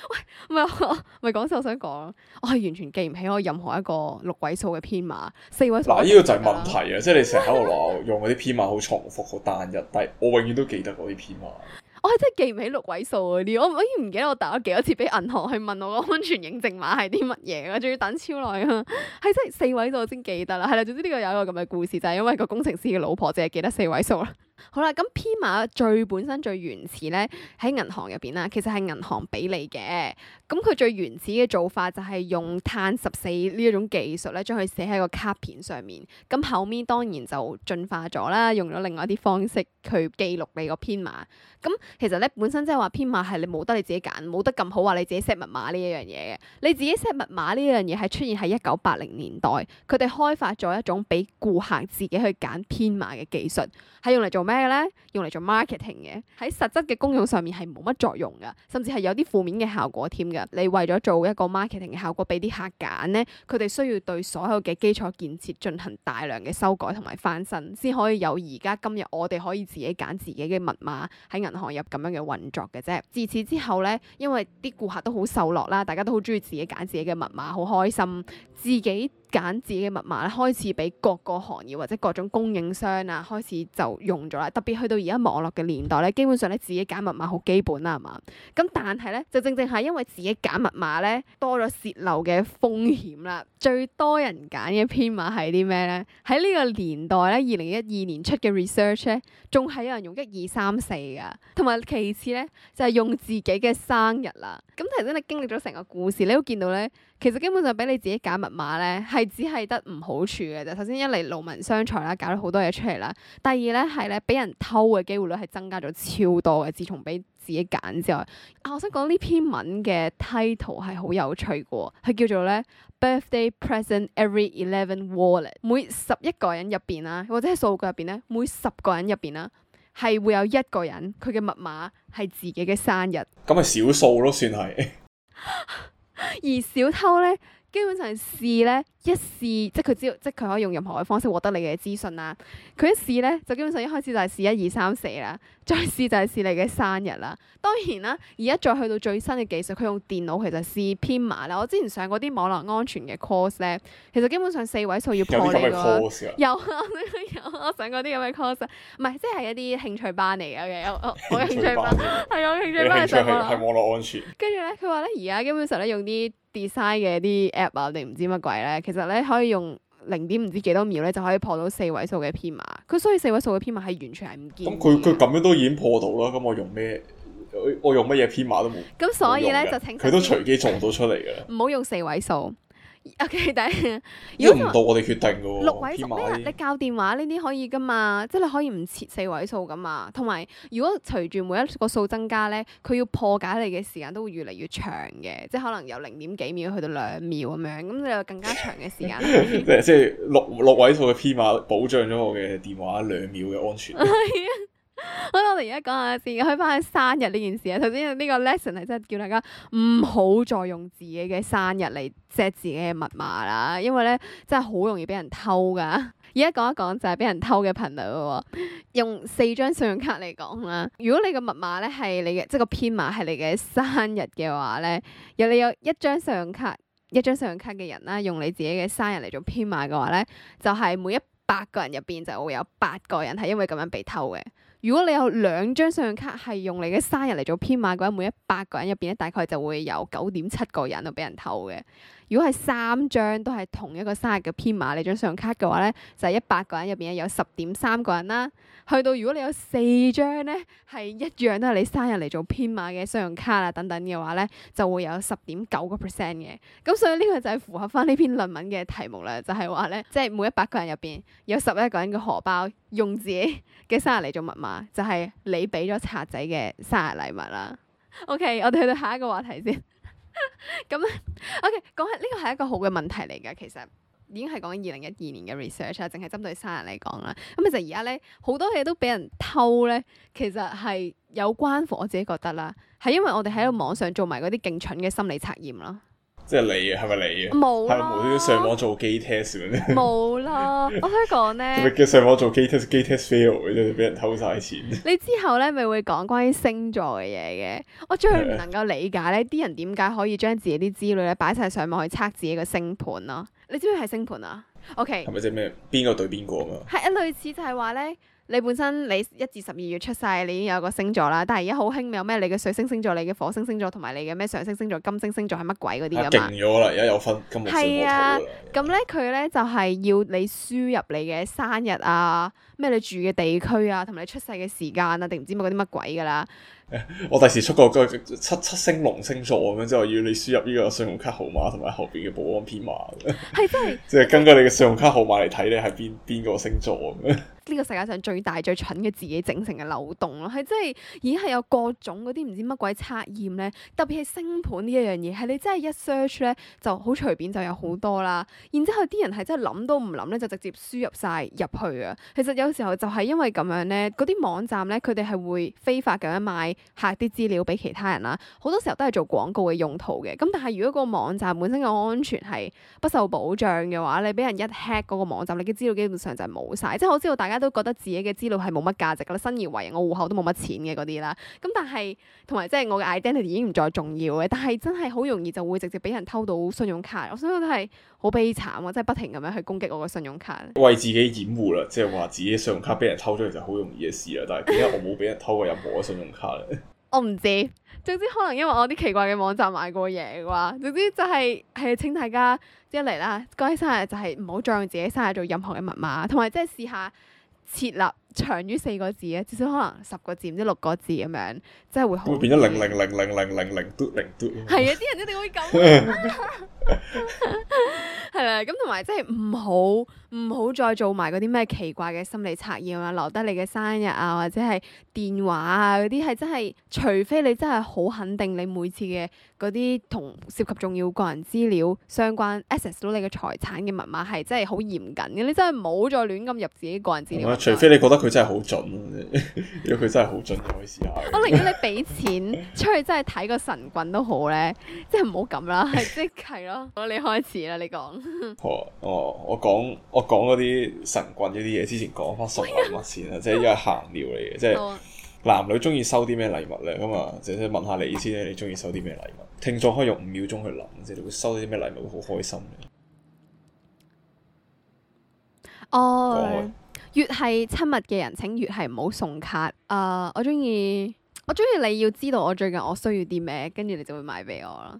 喂，唔係，唔係講笑，我想講，我係完全記唔起我任何一個六位數嘅編碼，四位數。嗱，呢個就係問題啊！即係你成日喺度話用嗰啲編碼好重複、好單一，但係我永遠都記得嗰啲編碼。我係真係記唔起六位數嗰啲，我永遠唔記得我打咗幾多次俾銀行去問我個安全認證碼係啲乜嘢，啊？仲要等超耐啊！係真係四位數我先記得啦，係啦，總之呢個有一個咁嘅故事，就係因為個工程師嘅老婆淨係記得四位數啦。好啦，咁編碼最本身最原始咧喺銀行入邊啦，其實係銀行俾你嘅。咁佢最原始嘅做法就係用碳十四呢一種技術咧，將佢寫喺個卡片上面。咁後面當然就進化咗啦，用咗另外一啲方式去記錄你個編碼，咁其實咧本身即係話編碼係你冇得你自己揀，冇得咁好話你自己 set 密碼呢一樣嘢嘅。你自己 set 密碼呢一樣嘢係出現喺一九八零年代，佢哋開發咗一種俾顧客自己去揀編碼嘅技術，係用嚟做。咩咧？用嚟做 marketing 嘅，喺實質嘅功用上面係冇乜作用噶，甚至係有啲負面嘅效果添噶。你為咗做一個 marketing 嘅效果，俾啲客揀咧，佢哋需要對所有嘅基礎建設進行大量嘅修改同埋翻新，先可以有而家今日我哋可以自己揀自己嘅密碼喺銀行入咁樣嘅運作嘅啫。自此之後咧，因為啲顧客都好受落啦，大家都好中意自己揀自己嘅密碼，好開心。自己揀自己嘅密碼咧，開始俾各個行業或者各種供應商啊，開始就用咗啦。特別去到而家網絡嘅年代咧，基本上咧自己揀密碼好基本啦，係嘛？咁但係咧，就正正係因為自己揀密碼咧，多咗洩漏嘅風險啦。最多人揀嘅編碼係啲咩咧？喺呢個年代咧，二零一二年出嘅 research 咧，仲係有人用一二三四噶，同埋其次咧就係、是、用自己嘅生日啦。咁頭先你經歷咗成個故事，你都見到咧，其實基本上俾你自己揀密。密碼咧係只係得唔好處嘅就，首先一嚟勞民傷財啦，搞咗好多嘢出嚟啦；第二咧係咧俾人偷嘅機會率係增加咗超多嘅。自從俾自己揀之外，啊、我想講呢篇文嘅 title 係好有趣嘅，係叫做咧 Birthday Present Every Eleven Wallets。每十一個人入邊啦，或者係數據入邊咧，每十個人入邊啦，係會有一個人佢嘅密碼係自己嘅生日。咁咪少數咯，算係。而小偷咧。基本上試咧，一試即佢知道，即佢可以用任何嘅方式獲得你嘅資訊啦。佢一試咧，就基本上一開始就係試一二三四啦，再試就係試你嘅生日啦。當然啦，而家再去到最新嘅技術，佢用電腦其實試編碼啦。我之前上嗰啲網絡安全嘅 course 咧，其實基本上四位數要破你個。有咁嘅 course 啊？有， 有我上啊上嗰啲咁嘅 course，唔係即係一啲興趣班嚟嘅。我嘅興趣班，係 我興趣班上啦。你興趣係係網絡安全。跟住咧，佢話咧，而家基本上咧用啲。design 嘅啲 app 啊，定唔知乜鬼咧，其實咧可以用零點唔知幾多秒咧就可以破到四位數嘅編碼。佢所以四位數嘅編碼係完全係唔見。咁佢佢咁樣都已經破到啦，咁我用咩？我用乜嘢編碼都冇。咁所以咧就請佢都隨機做到出嚟嘅，唔好用四位數。O、okay, K，第一如果唔到我哋決定嘅喎，六位數咩啊？你教電話呢啲可以噶嘛？即係你可以唔設四位數噶嘛？同埋如果隨住每一個數增加咧，佢要破解你嘅時間都會越嚟越長嘅，即係可能由零點幾秒去到兩秒咁樣，咁你就有更加長嘅時間。 以 即係六六位數嘅編碼保障咗我嘅電話兩秒嘅安全。係啊。好啦，我哋而家講下先，開翻去生日呢件事啊。頭先呢個 lesson 係真係叫大家唔好再用自己嘅生日嚟，即係自己嘅密碼啦，因為咧真係好容易俾人偷噶。而家講一講就係、是、俾人偷嘅頻率咯。用四張信用卡嚟講啦，如果你個密碼咧係你嘅，即係個編碼係你嘅生日嘅話咧，有你有一張信用卡，一張信用卡嘅人啦，用你自己嘅生日嚟做編碼嘅話咧，就係、是、每一百個人入邊就會有八個人係因為咁樣被偷嘅。如果你有兩張信用卡係用你嘅生日嚟做編碼嘅話，每一百個人入邊咧，大概就會有九點七個人都俾人偷嘅。如果係三張都係同一個生日嘅編碼，你張信用卡嘅話咧，就係一百個人入邊有十點三個人啦。去到如果你有四張咧，係一樣都係你生日嚟做編碼嘅信用卡啦等等嘅話咧，就會有十點九個 percent 嘅。咁所以呢個就係符合翻呢篇論文嘅題目啦，就係話咧，即係每一百個人入邊有十一個人嘅荷包用自己嘅生日嚟做密碼，就係你俾咗賊仔嘅生日禮物啦。OK，我哋去到下一個話題先。咁咧 ，OK，講起呢個係一個好嘅問題嚟噶。其實已經係講緊二零一二年嘅 research 啦，淨係針對生日嚟講啦。咁其實而家咧好多嘢，都俾人偷咧，其實係有關乎我自己覺得啦，係因為我哋喺個網上做埋嗰啲勁蠢嘅心理測驗咯。即係你啊，係咪你啊？冇啦了，係無端端上網做 gay test 嘅咩了？冇啦， 我聽講咧，咪叫上網做 gay test，gay test fail，跟住就俾人偷晒錢。你之後咧咪會講關於星座嘅嘢嘅？我最唔能夠理解咧，啲的人點解可以將自己啲資料咧擺晒上網去測自己嘅星盤咯？你知唔知係星盤啊？O K 係咪即係咩？邊、okay, 個對邊個啊？係啊，類似就係話咧。你本身你一至十二月出世，你已經有個星座啦。但係而家好興有咩你嘅水星星座、你嘅火星星座同埋你嘅咩上星星座、金星星座係乜鬼嗰啲啊嘛。勁咗啦！而家有分金星星座啦。咁咧佢咧就係、係、要你輸入你嘅生日啊，咩你住嘅地區啊，同埋你出世嘅時間啊，定唔知乜嗰啲乜鬼㗎啦。我第時出個個七七星龍星座咁，即係我要你輸入呢個信用卡號碼同埋後邊嘅保安編碼。係真係，即係 根據你嘅信用卡號碼嚟睇你係邊邊個星座咁。呢個世界上最大最蠢嘅自己整成嘅漏洞咯，係真係，已經係有各種嗰啲唔知乜鬼測驗咧，特別係星盤呢一樣嘢，係你真係一 search 咧就好隨便就有好多啦。然之後啲人係真係諗都唔諗咧，就直接輸入晒入去啊。其實有時候就係因為咁樣咧，嗰啲網站咧，佢哋係會非法咁樣賣。hack 啲資料俾其他人啦，好多時候都係做廣告嘅用途嘅。咁但係如果個網站本身嘅安全係不受保障嘅話，你俾人一 hack 嗰個網站，你嘅資料基本上就係冇晒。即係我知道大家都覺得自己嘅資料係冇乜價值啦，身而為人我戶口都冇乜錢嘅嗰啲啦。咁但係同埋即係我嘅 identity 已經唔再重要嘅，但係真係好容易就會直接俾人偷到信用卡。我想講都係。好悲慘啊！即係不停咁樣去攻擊我個信用卡，為自己掩護啦，即係話自己信用卡俾人偷咗嚟，就好容易嘅事啦。但係點解我冇俾人偷過任何嘅信用卡咧？ 我唔知，總之可能因為我啲奇怪嘅網站買過嘢嘅話。總之就係、是、係請大家一嚟啦，講生日就係唔好再用自己生日做任何嘅密碼，同埋即係試下設立。長於四個字咧，至少可能十個字，唔知六個字咁樣，即係會好。會變咗零零零零零零零嘟零嘟。係啊，啲人一定會咁。係啊，咁同埋即係唔好唔好再做埋嗰啲咩奇怪嘅心理測驗啊，留低你嘅生日啊，或者係電話啊嗰啲，係真係除非你真係好肯定你每次嘅。嗰啲同涉及重要個人資料相關 access 到你嘅財產嘅密碼係真係好嚴謹嘅，你真係唔好再亂咁入自己個人資料。除非你覺得佢真係好準，如果佢真係好準，你可以試下。 我寧願你俾錢出去真係睇個神棍都好咧， 即係唔好咁啦，係即係係咯，我你開始啦，你講。好啊，我我講我講嗰啲神棍呢啲嘢，之前講翻熟乜先啦， 即係因為閒聊嚟嘅，即係好。就是男女中意收啲咩禮物咧？咁啊，即係問下你先咧，你中意收啲咩禮物？聽眾可以用五秒鐘去諗，即係你會收啲咩禮物會好開心嘅。哦、oh, 吧，越係親密嘅人，請越係唔好送卡。誒、uh,，我中意，我中意你要知道我最近我需要啲咩，跟住你就會買俾我咯。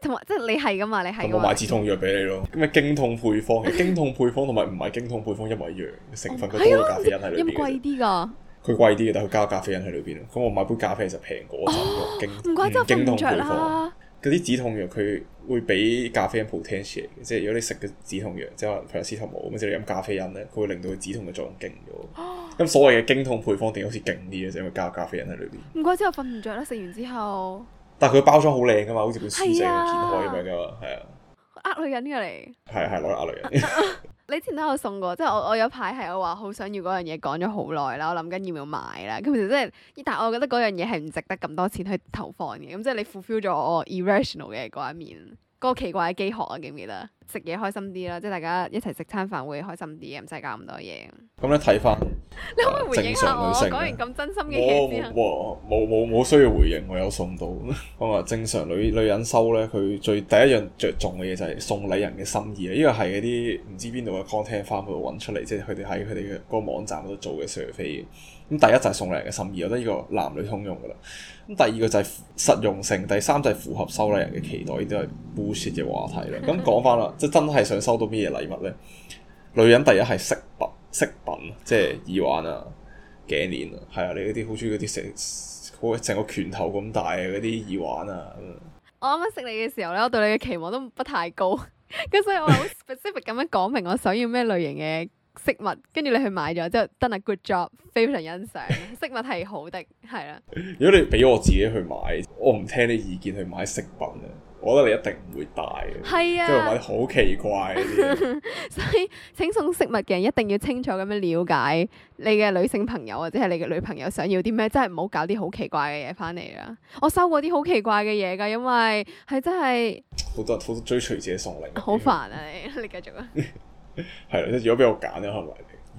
同埋即係你係噶嘛，你係我買止痛藥俾你咯。咩經痛配方？經痛配方同埋唔係經痛配方一模一樣，成分佢多個咖啡因喺裏邊 對。貴啲噶。嗯嗯嗯嗯嗯嗯嗯佢貴啲嘅，但佢加咖啡因喺裏邊咯。咁我買杯咖啡就平過，就勁、哦，唔止痛配方。嗰啲、啊、止痛藥佢會比咖啡因 potent i a l 嘅，即係如果你食嘅止痛藥，即係可能帕司丁頭冇咁，即係你飲咖啡因咧，佢會令到佢止痛嘅作用勁咗。咁、哦嗯、所謂嘅經痛配方，定好似勁啲嘅就因為加咖啡因喺裏邊。唔怪之我瞓唔着啦，食完之後。但係佢包裝好靚噶嘛，好似本書成嘅健開咁樣噶嘛，係啊。呃女人㗎你係係攞嚟呃女人。你， 你前都有送過，即係我我有排係我話好想要嗰樣嘢，講咗好耐啦，我諗緊要唔要買啦。咁其實即係，但係我覺得嗰樣嘢係唔值得咁多錢去投放嘅。咁即係你 fulfill 咗我 irrational 嘅嗰一面。個奇怪嘅機殼啊，記唔記得？食嘢開心啲啦，即係大家一齊食餐飯會開心啲嘅，唔使搞咁多嘢。咁 你睇翻、啊，正常女性，哦、我冇冇冇需要回應，我有送到。我 話正常女女人收咧，佢最第一樣着重嘅嘢就係送禮人嘅心意啊！依個係嗰啲唔知邊度嘅 content farm 翻去揾出嚟，即係佢哋喺佢哋嘅嗰個網站度做嘅 s u r 咁第一就係送禮人嘅心意，我覺得呢個男女通用噶啦。咁第二個就係實用性，第三就係符合收禮人嘅期待，呢啲係 bullshit 嘅話題啦。咁講翻啦，即真係想收到咩嘢禮物咧？女人第一係飾品，飾品即係耳環啊、頸鏈啊，係啊，你嗰啲好中意嗰啲成，好成個拳頭咁大嘅嗰啲耳環啊。 我啱啱識你嘅時候咧，我對你嘅期望都不太高，咁所以我好 specific 咁樣講明我想要咩類型嘅。 飾物，跟住你去買咗，之後真係 good job，非常欣賞。飾物係好的，係啦。如果你俾我自己去買，我唔聽你意見去買食品啊，我覺得你一定唔會帶啊，即係的買啲好奇怪。 所以請送飾物嘅人一定要清楚咁樣了解你嘅女性朋友或者係你嘅女朋友想要啲咩，真係唔好搞啲好奇怪嘅嘢翻嚟啦。我收過啲好奇怪嘅嘢噶，因為係真係好多好多追隨者送嚟，好煩啊！你，你繼續啊。 係啦，即如果俾我揀咧，係咪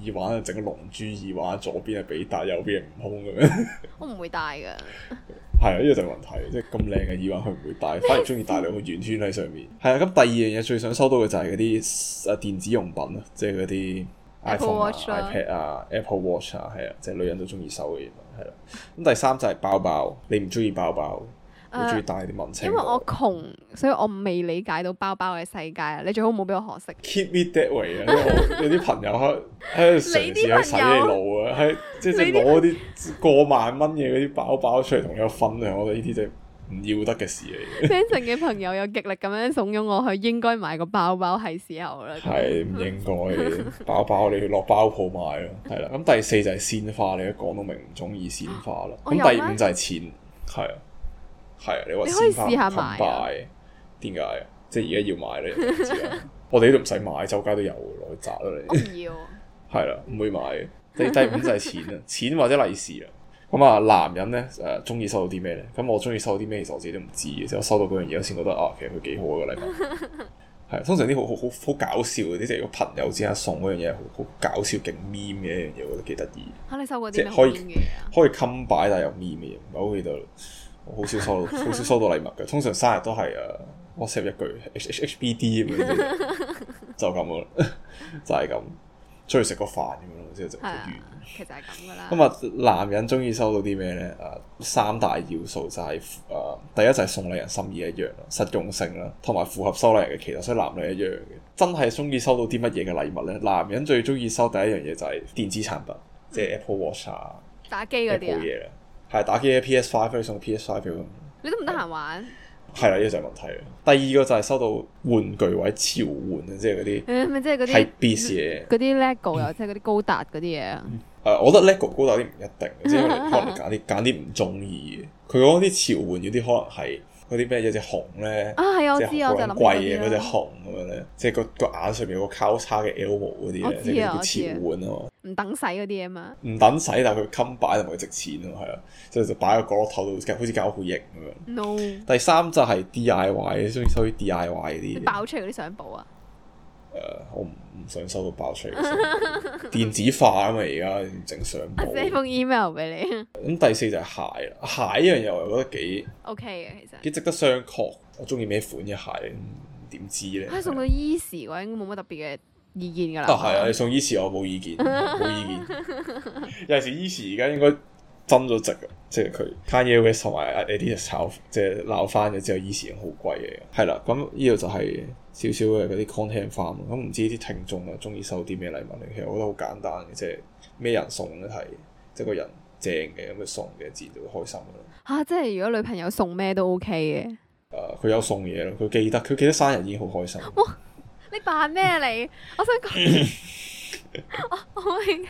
耳環啊，整個龍珠耳環，左邊係比達，右邊係悟空咁樣。我唔會戴噶。 係啊，呢個就係問題，即係咁靚嘅耳環，佢唔會戴，反而中意戴兩個圓圈喺上面。係啊， 咁第二樣嘢最想收到嘅就係嗰啲誒電子用品啊，即係嗰啲 iPhone iPad 啊、Apple Watch 啊，係啊，啊啊即係女人都中意收嘅嘢，係啦。咁第三就係包包，你唔中意包包。好中意帶啲文青。因為我窮，所以我未理解到包包嘅世界啊！你最好唔好俾我學識。Keep me that way 啊！你啲朋友喺喺成日喺洗你腦啊，喺即係攞啲過萬蚊嘢嗰啲包包出嚟同你分享，我哋呢啲就唔要得嘅事嚟。Stanley 嘅朋友有極力咁樣慫恿我去應該買個包包係時候啦。係唔應該，包包你去落包鋪買啦，係啦。咁第四就係鮮花，你講到明唔中意鮮花啦。咁第五就係錢，係啊。係啊，你話先下，combine 點解啊？即係而家要買咧？ 我哋都唔使買，周街都有，攞去砸咯你。唔要。係啦， 唔會買嘅。第五就係錢啊， 錢或者利是啊。咁、嗯、啊，男人咧誒，中、呃、意收到啲咩咧？咁我中意收到啲咩？其實我自己都唔知嘅，我收到嗰樣嘢我先覺得啊，其實佢幾好啊個禮物。係 通常啲好好好好搞笑嗰啲，即係個朋友之間送嗰樣嘢，好搞笑，勁 mean 嘅一樣嘢，我覺得幾得意。吓、啊、你收過即係可以 combine 但係又 mean 嘢，唔好去到。好少收，到，好少收到禮物嘅。通常生日都係 WhatsApp 一句 H H H, h B D 咁 樣就咁咯，就係、是、咁，出去食個飯咁樣咯，之後就是、其實就係咁噶啦。咁啊，男人中意收到啲咩咧？誒、啊，三大要素就係、是、誒、啊，第一就係送禮人心意一樣啦，實用性啦，同埋符合收禮人嘅期待，所以男女一樣嘅。真係中意收到啲乜嘢嘅禮物咧？男人最中意收第一樣嘢就係電子產品，嗯、即係 Apple Watch 啊，打機嗰啲嘢啦。啊係打機嘅 PS Five 可以送 PS Five 票，你都唔得閒玩。係啊，呢個就係問題。第二個就係收到玩具或者潮玩啊，即係嗰啲，即係嗰啲係 b c s h 嘢，嗰啲 LEGO 又或者嗰啲高達嗰啲嘢啊。誒，uh, 我覺得 LEGO 高達啲唔一定， 即係可能揀啲揀啲唔中意嘅。佢講啲潮玩有啲可能係。嗰啲咩有隻熊咧啊，係我知，我就諗貴嘅嗰隻熊咁樣咧，即係個個眼上面有個交叉嘅 Elmo 嗰啲咧，我知即係叫潮玩咯，唔等使嗰啲啊嘛，唔等使但係佢襟擺同埋佢值錢咯，係啦，即係就擺喺個角落頭度，好似搞好型咁樣。No，第三就係 D I Y，中意收啲 D I Y 嗰啲，你爆出嚟嗰啲相簿。啊！誒，uh, 我唔，唔想收到爆出嚟嘅相， 電子化啊嘛，而家整相我寫封 email 俾你。咁第四就係鞋啦，鞋一樣又係覺得幾 OK 嘅，其實幾值得商榷，我中意咩款嘅鞋，點知咧？ 哦、啊，送到 Yeezy 嘅話，應該冇乜特別嘅意見噶啦。啊，係啊，送 Yeezy 我冇意見，冇 意見。有陣時 Yeezy 而家應該。增咗值嘅，即係佢 Kanye 同埋 Adidas 炒，即係鬧翻咗之後，以前好貴嘅。係啦，咁呢度就係少少嘅嗰啲 concern 翻咯。咁唔知啲聽眾啊，中意收啲咩禮物咧？其實我覺得好簡單嘅，就是，即係咩人送咧係，即係個人正嘅咁佢送嘅自然就會開心咯。嚇、啊！即係如果女朋友送咩都 OK 嘅。誒、啊，佢有送嘢咯，佢記得，佢記得生日已經好開心。哇、哦！你扮咩嚟？ 我想講，哦，好興。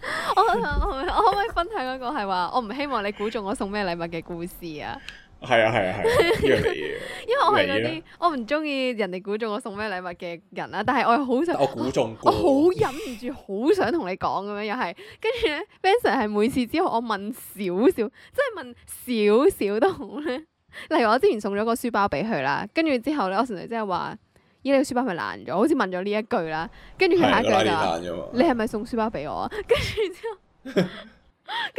我我，我可唔可以分享一個係話，我唔希望你估中我送咩禮物嘅故事啊？係啊係啊係，一因為我係嗰啲我唔中意人哋估中我送咩禮物嘅人啦，但係我又好想，我估中猜我我，我好忍唔住好 想同你講咁樣又係。跟住咧 Ben Sir 係每次之後我問少少，即係問少少都好咧。例如我之前送咗個書包俾佢啦，跟住之後咧我成日即係話。呢你個書包咪爛咗，好似問咗呢一句啦，跟住佢下一句就：烈烈你係咪送書包俾我？跟住之後，跟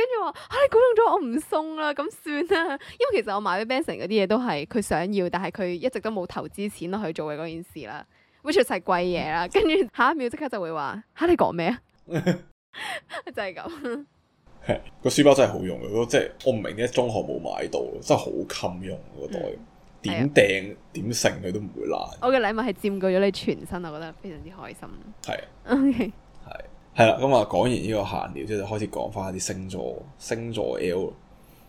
住我吓，你估中咗，我唔送啦，咁算啦。因為其實我買俾 Benson 嗰啲嘢都係佢想要，但係佢一直都冇投資錢去做嘅嗰件事啦，which 係貴嘢啦。跟住、嗯、下一秒即刻就會話：吓，你講咩啊？ 就係咁這、 嗯。個書包真係好用，即、就、係、是、我唔明點解中學冇買到，真係好襟用個袋。點掟，點成佢都唔會爛。我嘅禮物係佔據咗你全身，我覺得非常之開心。係是。OK。係係啦，咁、嗯、啊，講完呢個閒聊，之後就開始講翻啲星座，星座 L。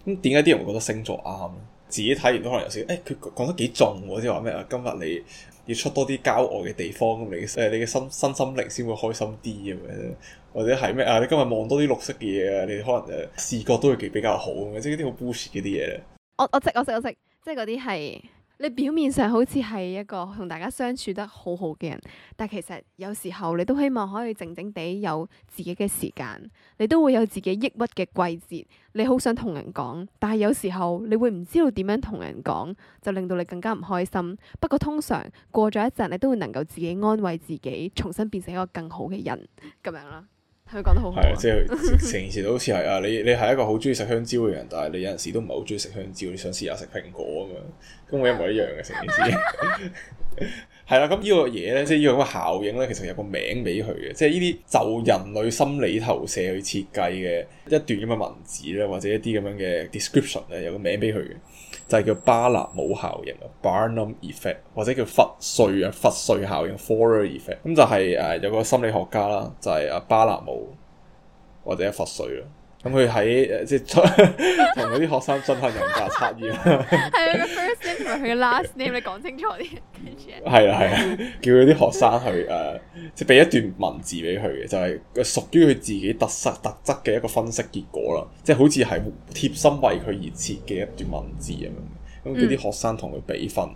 咁點解啲人會覺得星座啱？自己睇完都可能有少，誒、哎，佢講得幾重喎？即係話咩啊？今日你要出多啲郊外嘅地方，你誒，你嘅心身心靈先會開心啲咁樣。或者係咩啊？你今日望多啲綠色嘅嘢啊，你可能誒視覺都會幾比較好咁，即係啲好 boost 嗰啲嘢。我我食我食我食。即嗰啲係，你表面上好似係一個同大家相處得好好嘅人，但其實有時候你都希望可以靜靜地有自己嘅時間，你都會有自己抑鬱嘅季節，你好想同人講，但係有時候你會唔知道點樣同人講，就令到你更加唔開心。不過通常過咗一陣，你都會能夠自己安慰自己，重新變成一個更好嘅人咁樣囉。佢講得好，係啊！即係成件事都好似係啊！你你係一個好中意食香蕉嘅人，但係你有陣時都唔係好中意食香蕉，你想試下食蘋果啊嘛，咁我一模一樣嘅成件事。係 啦，咁呢個嘢咧，即係呢個效應咧，其實有個名俾佢嘅，即係呢啲就人類心理投射去設計嘅一段咁嘅文字咧，或者一啲咁樣嘅 description 咧，有個名俾佢嘅。就係叫巴納姆效應啊，Barnum effect，或者叫佛瑞啊，佛瑞效應，Forer effect。咁就係、是、誒有個心理學家啦，就係、是、阿巴納姆或者佛瑞啦。咁佢喺誒即係同嗰啲學生進行人格測驗。係啊，個 first name 同埋佢嘅 last name，你講清楚啲。係啊係啊，叫嗰啲學生去誒，即係俾一段文字俾佢嘅，就係個屬於佢自己特色特質嘅一個分析結果啦。即係好似係貼心為佢而設嘅一段文字咁樣，咁叫啲學生同佢比分。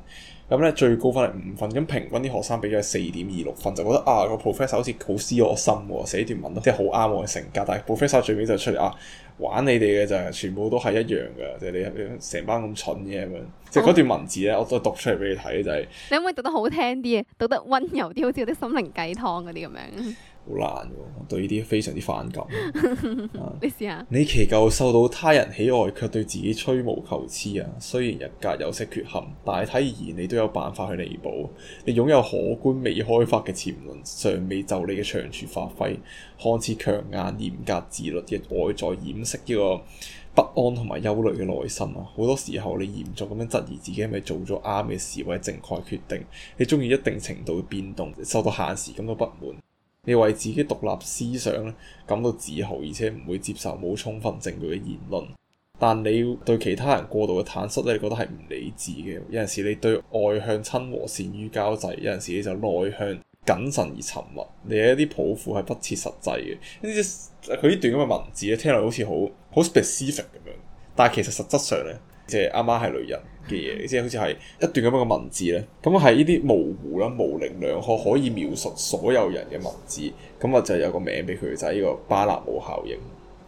咁咧最高分係五分，咁平均啲學生俾咗四點二六分，就覺得啊個 professor 好似好獅我心喎，寫段文咯，即係好啱我嘅性格。但係 professor 最尾就出嚟啊，玩你哋嘅就係全部都係一樣嘅，即係你成班咁蠢嘅咁樣。即係嗰段文字咧，oh. 我都讀出嚟俾你睇，就係。你可唔可以讀得好聽啲啊？讀得温柔啲，好似啲心靈雞湯嗰啲咁樣。好難喎！對呢啲非常之反感。 你試下你祈求受到他人喜愛，卻對自己吹毛求疵啊！雖然人格有些缺陷，大體而言，你都有辦法去彌補。你擁有可觀未開發嘅潛能，尚未就你嘅長處發揮。看似強硬、嚴格、自律嘅外在，掩飾呢個不安同埋憂慮嘅內心啊！好多時候，你嚴重咁樣質疑自己係咪做咗啱嘅事或者正確決定？你中意一定程度嘅變動，受到限時感到不滿。你為自己獨立思想咧感到自豪，而且唔會接受冇充分證據嘅言論。但你對其他人過度嘅坦率咧，你覺得係唔理智嘅。有陣時你對外向、親和、善於交際，有陣時你就內向、謹慎而沉默。你有一啲抱負係不切實際嘅。呢啲佢呢段咁嘅文字咧，聽落好似好好 specific 咁樣，但係其實實質上咧，即係阿媽係女人。嘅嘢，即係好似係一段咁樣嘅文字咧，咁啊係呢啲模糊啦、模棱兩可可以描述所有人嘅文字，咁啊就有個名俾佢，就係呢個巴納姆效應。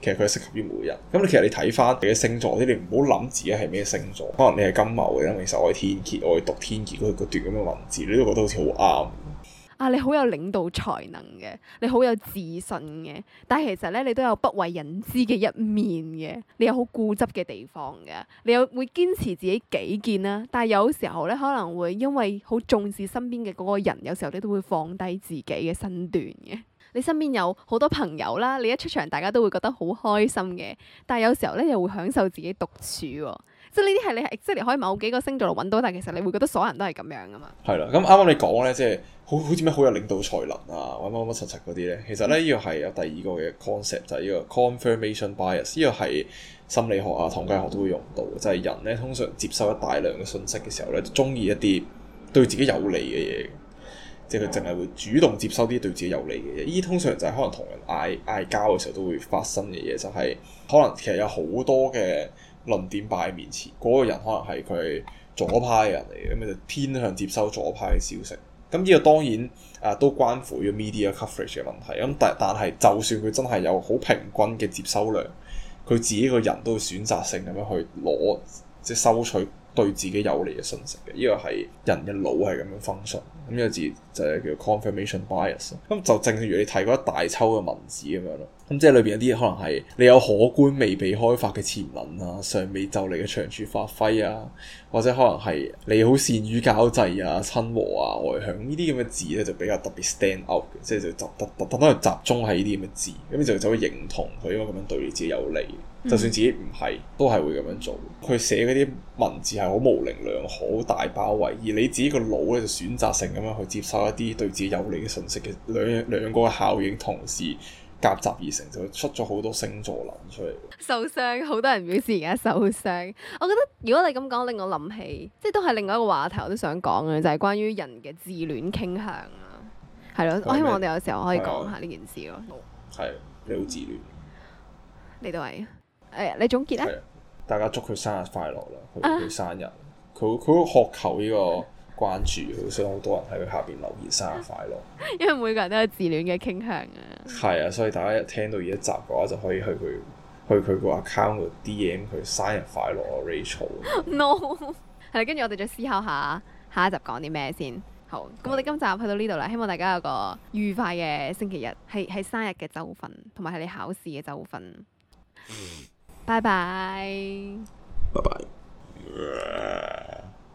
其實佢係適合於每人。咁你其實你睇翻你嘅星座啲，你唔好諗自己係咩星座，可能你係金牛嘅，你受愛天蠍，劫，愛讀天蠍嗰段咁嘅文字，你都覺得好似好啱。啊！你好有領導才能嘅，你好有自信嘅，但係其實咧你都有不為人知嘅一面嘅，你有好固執嘅地方嘅，你有會堅持自己己見啦。但係有時候咧可能會因為好重視身邊嘅嗰個人，有時候你都會放低自己嘅身段嘅。你身邊有好多朋友啦，你一出場大家都會覺得好開心嘅，但係有時候咧又會享受自己獨處喎、哦。即係呢啲係你係，即係你可以某幾個星座度揾到，但係其實你會覺得所有人都係咁樣噶嘛？係啦，咁啱啱你講咧，即係好好似咩好有領導才能啊，乜乜乜什什嗰啲咧，其實咧呢個係有第二個嘅 concept，就係呢個 confirmation bias，呢個係心理學啊、統計學都會用到嘅，就係人咧通常接收一大量嘅信息嘅時候咧，中意一啲對自己有利嘅嘢，即係佢淨係會主動接收啲對自己有利嘅嘢。呢通常就係可能同人嗌嗌交嘅時候都會發生嘅嘢，就係可能其實有好多嘅論點擺喺面前，嗰、那個人可能係佢左派人嚟嘅，咁就偏向接收左派嘅消息。咁呢個當然啊、呃，都關乎於 media coverage 嘅問題。咁但但係，就算佢真係有好平均嘅接收量，佢自己個人都會選擇性咁樣去攞，即係收取。對自己有利嘅信息嘅，依個係人嘅腦係咁樣 function，咁有字就係叫 confirmation bias 咯。咁就正如你睇過一大抽嘅文字咁樣咯，咁即係裏邊有啲可能係你有可觀未被開發嘅潛能啊，尚未就嚟嘅長處發揮啊，或者可能係你好善於交際啊、親和啊、外向呢啲咁嘅字咧，就比較特別 stand out，即係就集特特特多集中喺呢啲咁嘅字，咁就就會認同佢應該咁樣對你自己有利。嗯、就算自己唔係，都係會咁樣做。佢寫嗰啲文字係好無靈量，好大包圍，而你自己個腦咧就選擇性咁樣去接受一啲對自己有利嘅信息嘅兩兩個嘅效應同時夾雜而成，就出咗好多星座諗出嚟。受傷，好多人表示而家受傷。我覺得如果你咁講，令我諗起，即係都係另外一個話題，我都想講嘅就係、是、關於人嘅自戀傾向啦。係咯，我希望我哋有時候可以講下呢件事咯。係、哦、你好自戀，你都係。係你總結咧，啊？大家祝佢生日快樂啦！佢生日，佢佢會渴求呢個關注，想好多人喺佢下邊留言生日快樂。 因為每個人都有自戀嘅傾向啊。係啊，所以大家一聽到呢一集嘅話，就可以去佢去佢個 account 度 DM 佢生日快樂，Rachel。No，係 啦，跟住我哋再思考一下下一集講啲咩先。好，咁，嗯，我哋今集去到呢度啦，希望大家有個愉快嘅星期日，係係生日嘅周份，同埋係你考試嘅周份。嗯。拜拜。拜拜。